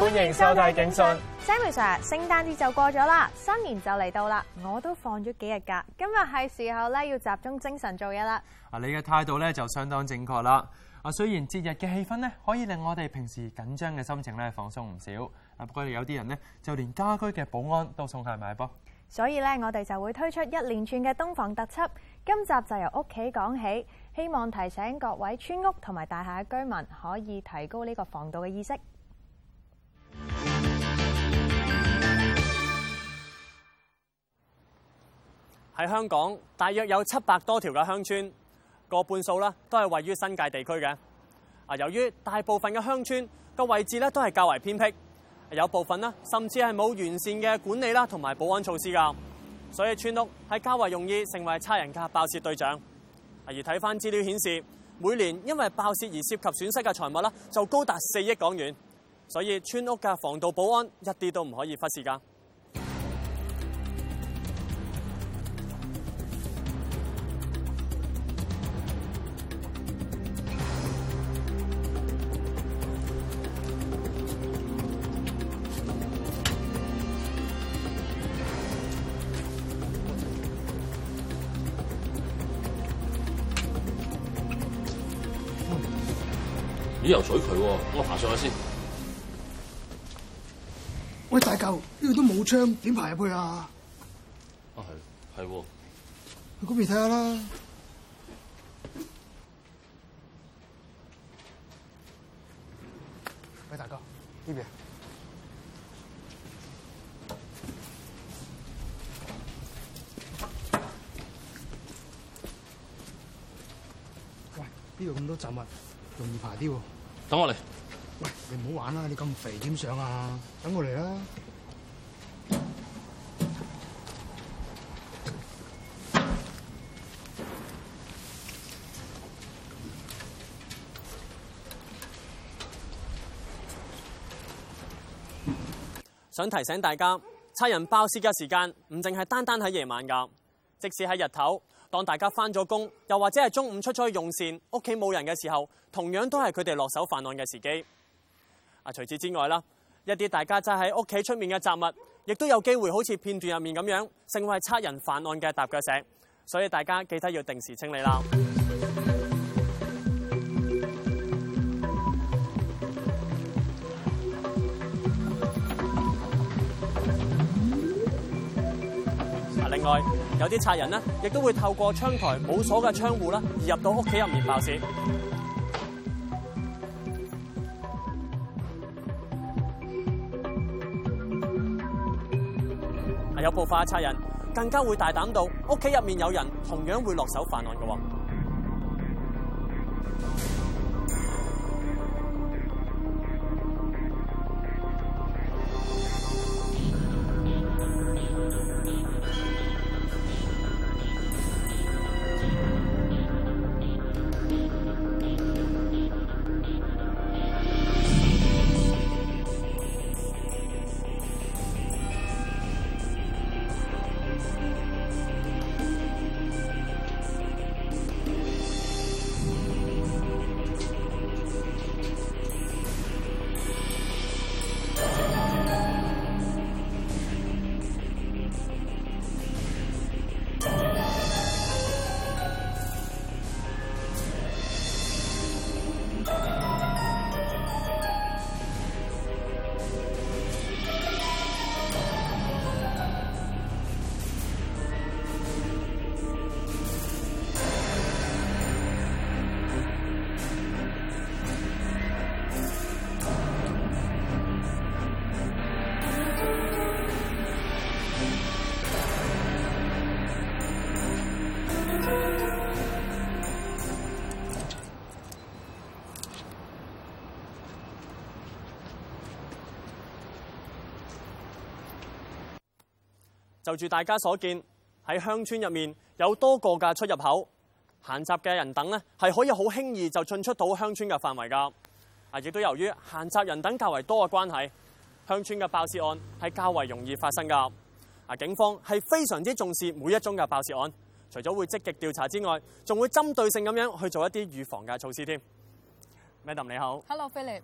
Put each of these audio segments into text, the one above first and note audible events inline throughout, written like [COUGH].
歡迎收睇警訊 Sammy Sir，聖誕節就過咗啦，新年就嚟到啦，我都放咗幾日假，今日係時候咧，要集中精神做嘢啦。啊，你嘅態度咧就相當正確啦。啊，雖然節日嘅氣氛咧可以令我哋平時緊張嘅心情咧放鬆唔少，啊，不過有啲人呢，就連家居嘅保安都送晒埋噃。所以咧，我哋就會推出一連串嘅冬防特輯，今集就由屋企講起，希望提醒各位村屋同埋大廈嘅居民可以提高呢個防盜嘅意識。喺香港，大約有七百多條嘅鄉村，個半數都係位於新界地區嘅。啊，由於大部分嘅鄉村個位置都係較為偏僻，有部分甚至係冇完善嘅管理啦，同埋保安措施噶，所以村屋係較為容易成為賊人嘅爆竊對象。而睇翻資料顯示，每年因為爆竊而涉及損失嘅財物就高達四億港元。所以村屋嘅防盜保安一啲都唔可以忽視㗎、嗯。有水渠，啊，我爬上去先。喂，大舊，呢度都冇窗，點爬入去啊？啊，係，係喎。去嗰邊睇下啦。喂，大哥，呢邊。喂，呢度咁多雜物，容易爬啲喎。等我嚟。你唔好玩啦！你咁肥點上啊？等我嚟啦。想提醒大家，差人包私嘅時間唔淨係單單喺夜晚噶，即使喺日頭，當大家翻咗工，又或者係中午出咗去用膳，屋企冇人嘅時候，同樣都係佢哋落手犯案嘅時機。啊！除此之外啦，一啲大家擠喺屋企出面嘅雜物，亦都有機會好似片段入面咁樣，成為係賊人犯案嘅踏腳石。所以大家記得要定時清理啦。啊！另外有啲賊人咧，亦都會透過窗台冇鎖嘅窗戶啦，而入到屋企入面爆竊。部分嘅賊人更加會大膽到屋企入面有人，同樣會落手犯案嘅。就住大家所見，喺鄉村入面有多個嘅出入口，閒雜嘅人等咧係可以好輕易就進出到鄉村嘅範圍㗎。啊，亦都由於閒雜人等較為多嘅關係，鄉村嘅爆竊案係較為容易發生㗎。啊，警方係非常之重視每一宗嘅爆竊案，除咗會積極調查之外，仲會針對性咁樣去做一啲預防嘅措施添。Madam，你好。Hello，Philip。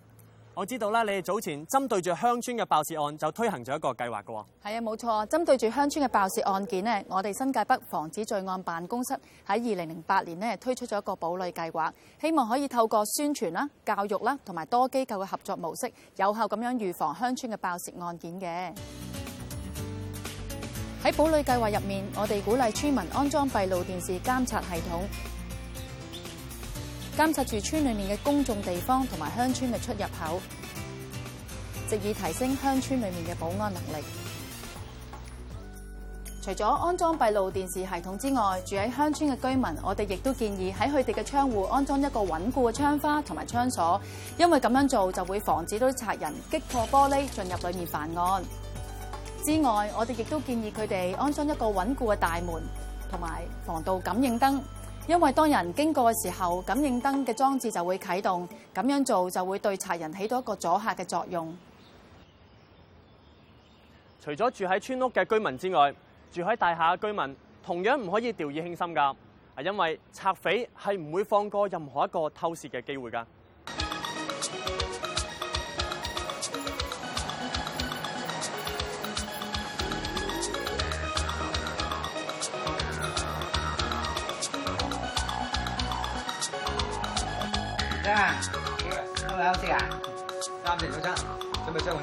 我知道啦，你哋早前針對住鄉村嘅爆竊案就推行咗一個計劃嘅喎、哦。係啊，冇錯，針對住鄉村嘅爆竊案件呢，我哋新界北防止罪案辦公室喺二零零八年呢，推出咗一個堡壘計劃，希望可以透過宣傳啦、教育啦同埋多機構嘅合作模式，有效咁樣預防鄉村嘅爆竊案件嘅。喺堡壘計劃入面，我哋鼓勵村民安裝閉路電視監察系統。監察住村裏面嘅公眾地方同埋鄉村嘅出入口，藉以提升鄉村裏面嘅保安能力。除咗安裝閉路電視系統之外，住喺鄉村嘅居民，我哋亦都建議喺佢哋嘅窗戶安裝一個穩固嘅窗花同埋窗鎖，因為咁樣做就會防止到賊人擊破玻璃進入裏面犯案。之外，我哋亦都建議佢哋安裝一個穩固嘅大門同埋防盜感應燈。因為當人經過嘅時候，感應燈嘅裝置就會啟動，咁樣做就會對賊人起到一個阻嚇嘅作用。除咗住喺村屋嘅居民之外，住喺大廈嘅居民同樣唔可以掉以輕心噶，因為賊匪係唔會放過任何一個偷竊嘅機會噶。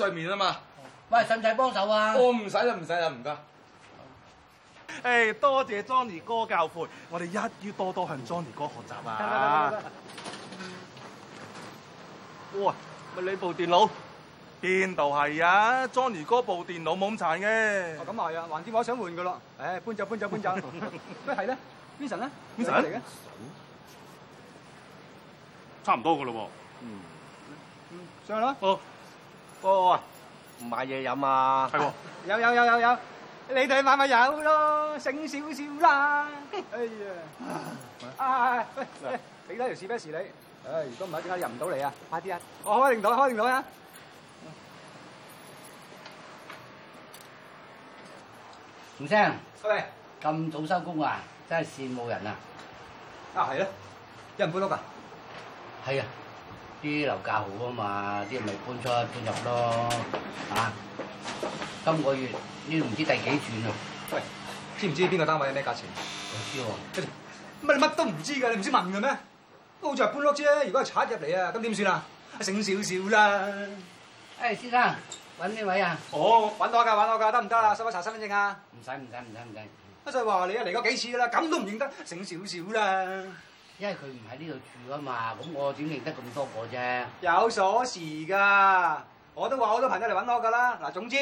睡眠啊嘛，喂，使唔使幫手啊？我唔使啦，唔使啦，唔得。誒、hey，多謝 Johnny 哥教誨，我哋一於多多向 Johnny 哥學習啊、嗯嗯嗯嗯！哇，咪你部電腦邊度係啊？Johnny 哥部電腦冇咁殘嘅。咁啊係啊，橫掂我想換噶啦。誒、哎，搬走、搬走、搬走！喂， [LAUGHS] 係咧？Vincent 咧？Vincent 嚟嘅。差唔多噶咯喎。嗯。嗯，上去啦。好、哦。哥，唔買嘢飲啊！係喎，有有有有有，你哋買咪有咯，醒少少啦。哎呀，啊喂，俾多條士卑士你。唉，如果唔係點解入唔到嚟啊？快啲啊！我開定到，開定到啊！吳生，喂，咁早收工啊？真係羨慕人啊！啊係啊，有人搬屋啊？係啊。啲樓價好啊嘛，啲咪搬出搬入咯，啊！今個月呢都唔知第幾轉啊。喂，知唔知邊個單位有咩價錢？唔知喎，啊。乜你乜都唔知㗎，你唔知問嘅咩？好似係搬屋啫，如果係賊入嚟啊，咁點算啊？醒少少啦。誒，先生，搵呢位啊？哦，搵到㗎，搵到㗎，得唔得啦？使唔使查身份證啊？唔使唔使唔使唔使。咪就係話你一嚟過幾次啦？咁都唔認得，醒少少啦。因為佢唔喺呢度住啊嘛，咁我點認得咁多個啫？有鎖匙噶我都話好多朋友嚟搵我噶啦。嗱，總之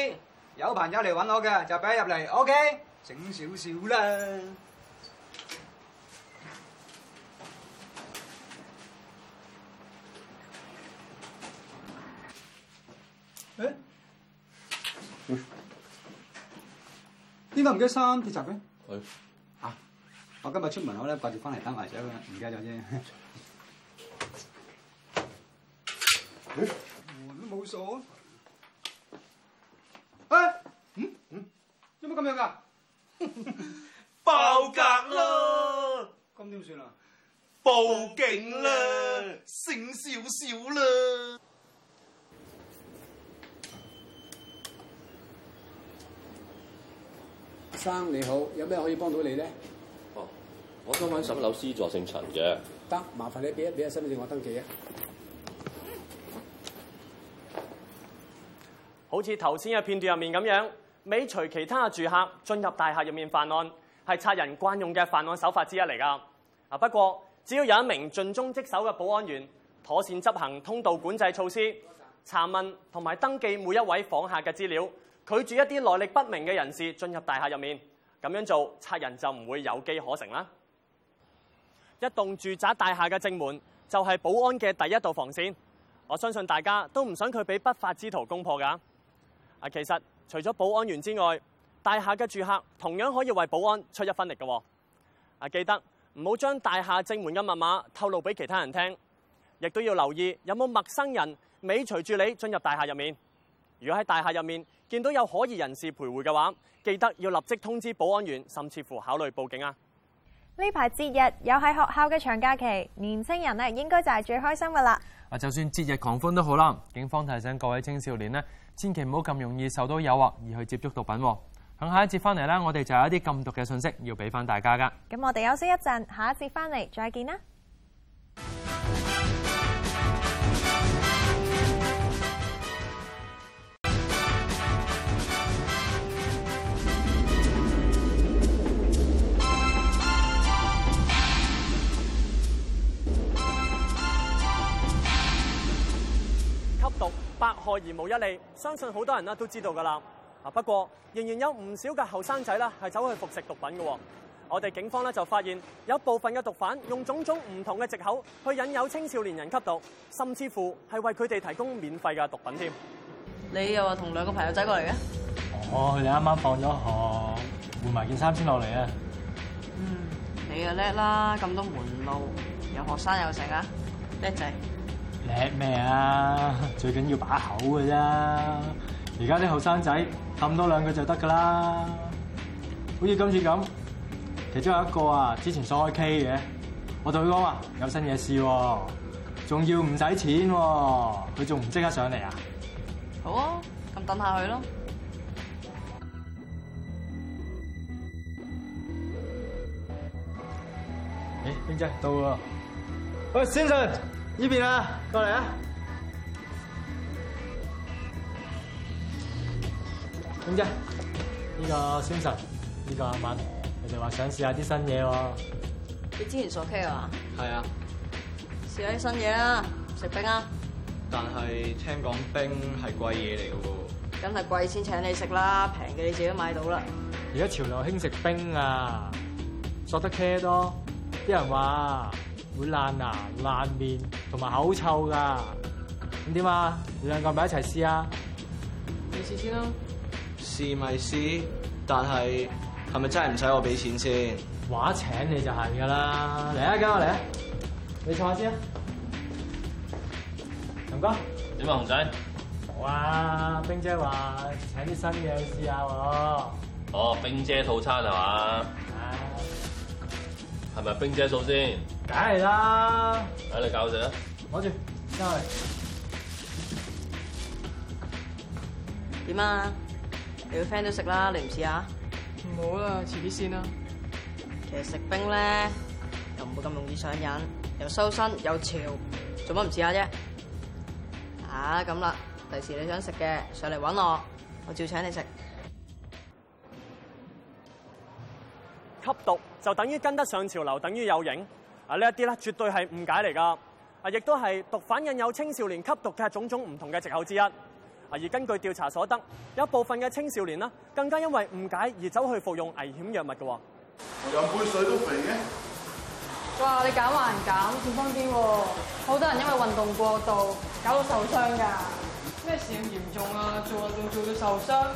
有朋友嚟搵我嘅就俾入嚟，OK。整少少啦。誒，嗯，邊個唔記得鎖鐵閘咩？去。我今日出門口咧，掛住翻嚟打麻雀啦，唔記得鎖先。嗯，門都冇鎖。哎，嗯嗯，有冇咁樣噶？ [LAUGHS] 爆格啦！咁點算啊？報警啦！醒少少啦！先生你好，有咩可以幫到你咧？我想揾十五樓 C 座姓陳嘅，得，麻煩你俾一俾一身份證，我登記啊。好似頭先嘅片段入面咁樣，尾隨其他住客進入大廈入面犯案，係賊人慣用嘅犯案手法之一嚟㗎。啊，不過只要有一名盡忠職守嘅保安員，妥善執行通道管制措施，查問同埋登記每一位訪客嘅資料，拒絕一啲來歷不明嘅人士進入大廈入面，咁樣做，賊人就唔會有機可乘啦。一棟住宅大廈嘅正門就係保安嘅第一道防線，我相信大家都唔想佢俾不法之徒攻破㗎。啊，其實除咗保安員之外，大廈嘅住客同樣可以為保安出一分力㗎。啊，記得唔好將大廈正門嘅密碼透露俾其他人聽，亦都要留意有冇陌生人尾隨住你進入大廈入面。如果喺大廈入面見到有可疑人士徘徊嘅話，記得要立即通知保安員，甚至乎考慮報警啊！呢排節日有喺學校嘅長假期，年青人咧應該就係最開心噶啦。啊，就算節日狂歡都好啦，警方提醒各位青少年咧，千祈唔好咁容易受到誘惑而去接觸毒品。等下一節翻嚟啦，我哋就有一啲禁毒嘅信息要俾翻大家噶。咁我哋休息一陣，下一節翻嚟再見啦。百害而無一利，相信好多人咧都知道噶啦。啊，不過仍然有唔少嘅後生仔咧係走去服食毒品嘅。我哋警方咧就發現有部分嘅毒販用種種唔同嘅藉口去引誘青少年人吸毒，甚至乎係為佢哋提供免費嘅毒品添。你又話同兩個朋友仔過嚟嘅？哦，你啱啱放咗學，換埋件衫先落嚟啊。嗯，你又叻啦，咁多門路，有學生有食啊，叻仔。叻咩啊！最緊要把口嘅啫。而家啲後生仔氹多兩個就得噶啦。好似今次咁，其中有一個啊，之前想開 K 嘅，我同佢講話有新嘢試，仲要唔使錢，佢仲唔即刻上嚟啊？好啊，咁等下佢咯。誒、欸，邊姐到啊！喂，先生。呢邊啊，過嚟啊，點啫、啊？呢、這個先生，呢、這個阿文，佢哋話想試下啲新嘢喎、啊。你之前索 K 啊？嘛？係啊，試下啲新嘢啦、啊，食冰啊！但係聽講冰係貴嘢嚟噶喎。梗係貴先請你食啦，平嘅你自己都買到啦。而家潮流興食冰啊，索得 K 多，啲人話會爛牙、啊、爛面。同埋口臭噶，咁點啊？你兩個咪一齊試啊？你試先啦。試咪試，但係係咪真係唔使我俾錢先？話請你就行噶啦，嚟啊，跟我嚟啊，你坐下先啊，龍哥。點啊，紅仔？啊！冰姐話請啲新嘅去試一下喎、啊。哦，冰姐套餐係嘛？係、哎。係咪冰姐數先？梗係啦，睇你搞仔啦。攞住，真嚟。點啊？你個 friend 都食啦，你唔試下？唔好啦，遲啲先啦。其實食冰咧，又唔會咁容易上癮，又收身又潮，做乜唔試下啫？啊，咁啦，第時你想食嘅上嚟搵我，我照請你食。吸毒就等於跟得上潮流，等於有影。啊！呢一啲咧，絕對係誤解嚟㗎。啊，亦都係毒販引誘青少年吸毒嘅種種唔同嘅藉口之一。啊，而根據調查所得，有一部分嘅青少年啦，更加因為誤解而走去服用危險藥物㗎喎。飲杯水都肥嘅。哇！你減還減，健康啲喎。好多人因為運動過度搞到受傷㗎。咩事咁嚴重啊？做運動做到受傷？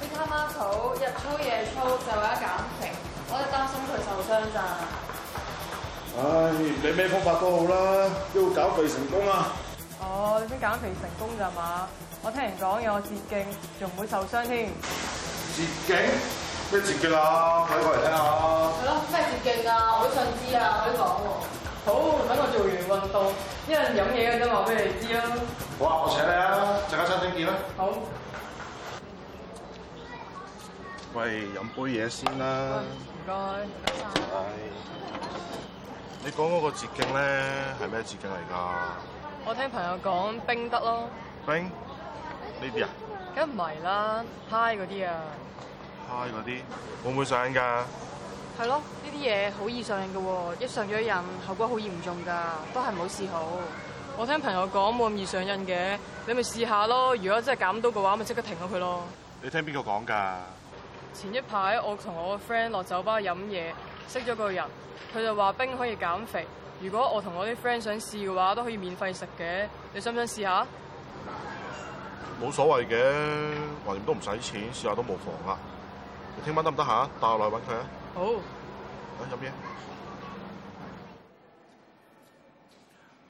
啲卡巴狗日操夜操，就為咗減肥，我就擔心佢受傷咋。你咩方法都好啦，都要減肥成功啊！哦，你先減肥成功咋嘛？我聽人講有捷徑，仲唔會受傷添。捷徑？咩捷徑啊？過嚟聽下。係咯，咩捷徑啊？我都想知啊！我啲講好，等我做完運動，一人飲嘢嘅啫，話俾你知啊。好啊，我請你啊，陣間餐廳見啦。好。喂，飲杯嘢先啦。唔該。拜拜。拜拜拜拜。你講嗰個捷徑咧係咩捷徑嚟噶？我聽朋友講冰得咯。冰？呢啲啊？梗唔係啦，嗨嗰啲啊。嗨嗰啲會唔會上癮噶？係咯，呢啲嘢好易上癮喎，一上咗癮後果好嚴重噶，都係唔好試。好，我聽朋友講冇咁易上癮嘅，你咪試下咯。如果真係減到嘅話，咪即刻停咗佢咯。你聽邊個講噶？前一排我同我個 friend 落酒吧飲嘢，識咗個人。佢就話冰可以減肥，如果我同我啲 friend 想試嘅話，都可以免費食嘅。你想唔想試下？冇所謂嘅，橫掂都唔使錢，試下都無妨啊。你聽晚得唔得下？帶我落去揾佢啊！好。啊飲嘢？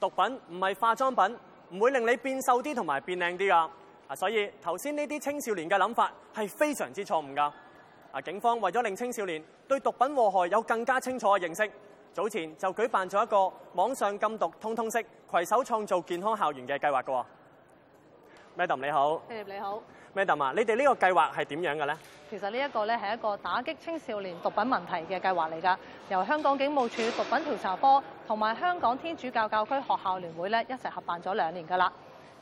毒品唔係化妝品，唔會令你變瘦啲同埋變靚啲㗎。啊，所以頭先呢啲青少年嘅諗法係非常之錯誤㗎。啊！警方為咗令青少年對毒品禍害有更加清楚嘅認識，早前就舉辦咗一個網上禁毒通通識、攜手創造健康校園嘅計劃嘅。Madam 你好，hey, 你好，Madam 啊，你哋呢個計劃係點樣嘅呢？其實呢一個咧係一個打擊青少年毒品問題嘅計劃嚟㗎，由香港警務處毒品調查科同埋香港天主教教區學校聯會咧一齊合辦咗兩年㗎啦。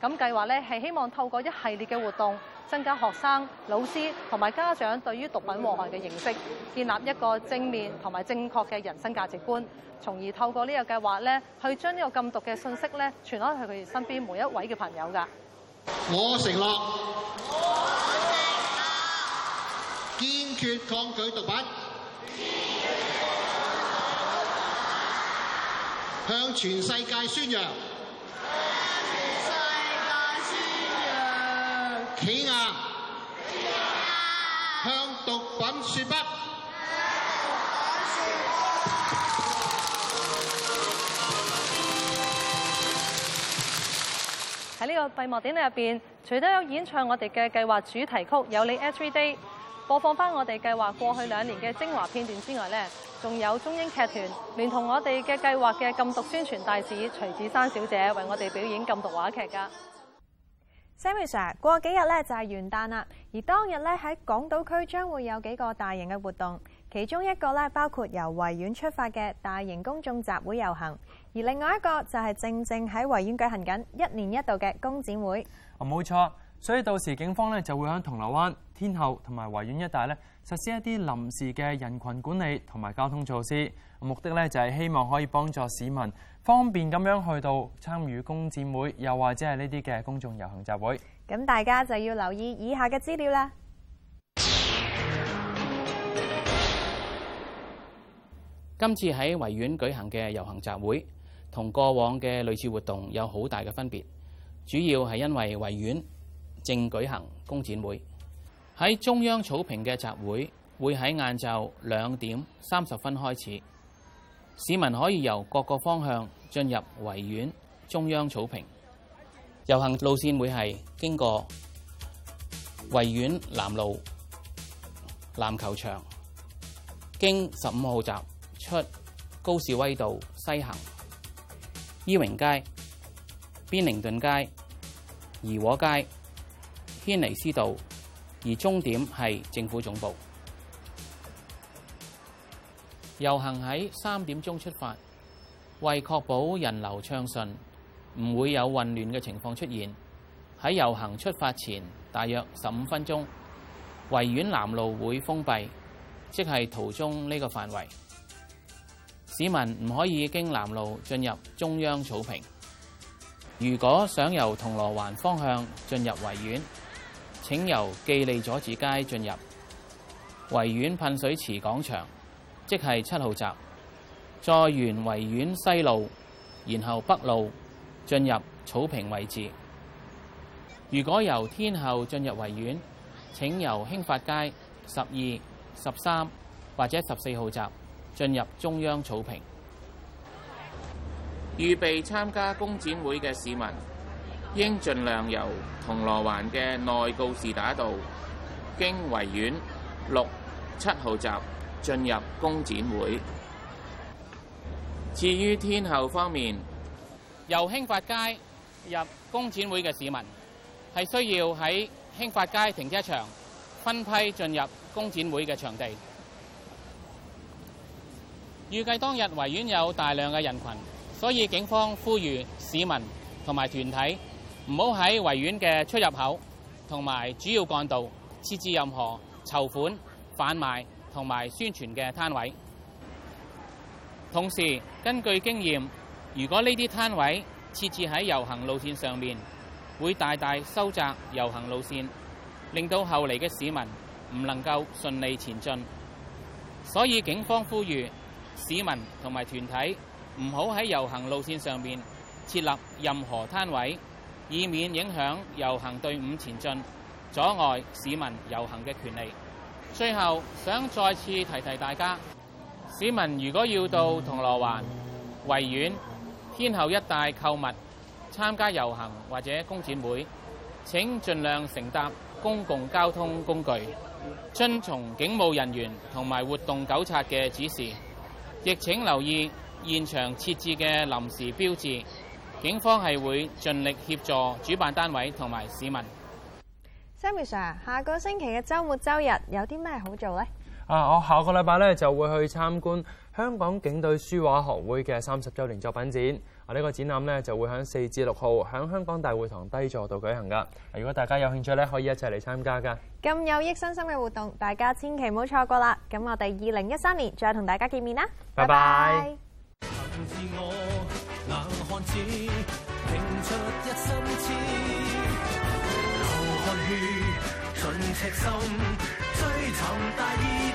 咁計劃咧係希望透過一系列嘅活動。增加學生、老師同埋家長對於毒品禍害嘅認識，建立一個正面同埋正確嘅人生價值觀，從而透過呢個計劃咧，去將呢個禁毒嘅信息咧，傳開去佢哋身邊每一位嘅朋友噶。我承諾，我係堅決抗拒毒品，拒毒品拒，向全世界宣揚。起啊，向毒品說不。喺呢個閉幕典禮入邊，除咗有演唱我哋嘅計劃主題曲《有你 Every Day》，播放翻我哋計劃過去兩年嘅精華片段之外呢，仲有中英劇團，連同我哋嘅計劃嘅禁毒宣傳大使徐子珊小姐，為我哋表演禁毒話劇噶。Sammy Sir，過幾日咧就係元旦啦，而當日咧喺港島區將會有幾個大型嘅活動，其中一個咧包括由維園出發嘅大型公眾集會遊行，而另外一個就係正正喺維園舉行緊一年一度嘅工展會。哦，冇錯。所以到時警方咧就會喺銅鑼灣、天后同埋維園一帶咧實施一啲臨時嘅人群管理同埋交通措施，目的咧就係希望可以幫助市民方便咁樣去到參與工展會，又或者係呢啲嘅公眾遊行集會。咁大家就要留意以下嘅資料啦。今次喺維園舉行嘅遊行集會同過往嘅類似活動有好大嘅分別，主要係因為維園。正舉行公展會，喺中央草坪嘅集會會喺晏晝兩點三十分開始。市民可以由各個方向進入維園中央草坪。遊行路線會係經過維園南路、籃球場，經十五號閘出高士威道西行，伊榮街、邊寧頓街、怡和街。堅尼斯道，而終點係政府總部。遊行喺三點鐘出發，為確保人流暢順，唔會有混亂嘅情況出現。喺遊行出發前大約十五分鐘，維園南路會封閉，即係途中呢個範圍。市民唔可以經南路進入中央草坪。如果想由銅鑼灣方向進入維園，請由記利佐治街進入維園噴水池廣場，即係七號閘，再沿維園西路，然後北路進入草坪位置。如果由天后進入維園，請由興發街十二、十三或者十四號閘進入中央草坪。預備參加工展會嘅市民，應盡量由銅鑼灣嘅內告士打道經維園六七號閘進入工展會。至於天后方面，由興發街入工展會嘅市民係需要喺興發街停車場分批進入工展會嘅場地。預計當日維園有大量嘅人群，所以警方呼籲市民同埋團體。唔好喺圍院嘅出入口同埋主要幹道設置任何籌款、販賣同埋宣傳嘅攤位。同時根據經驗，如果呢啲攤位設置喺遊行路線上面，會大大收窄遊行路線，令到後嚟嘅市民唔能夠順利前進。所以警方呼籲市民同埋團體唔好喺遊行路線上面設立任何攤位。以免影響遊行隊伍前進，阻礙市民遊行嘅權利。最後，想再次提提大家：市民如果要到銅鑼灣、維園、天后一帶購物、參加遊行或者工展會，請盡量乘搭公共交通工具，遵從警務人員同埋活動糾察嘅指示，亦請留意現場設置嘅臨時標誌。警方係會盡力協助主辦單位同埋市民。Sammy Sir，下個星期嘅週末週日有啲咩好做呢？啊，我下個禮拜咧就會去參觀香港警隊書畫學會嘅三十週年作品展。啊，呢個展覽咧就會喺四至六號喺香港大會堂低座度舉行噶。如果大家有興趣咧，可以一齊嚟參加噶。咁有益身心嘅活動，大家千祈唔好錯過啦！咁我哋二零一三年再同大家見面啦。拜拜。 [MUSIC] 拼出一生癡，流汗血，盡赤心，追尋大義。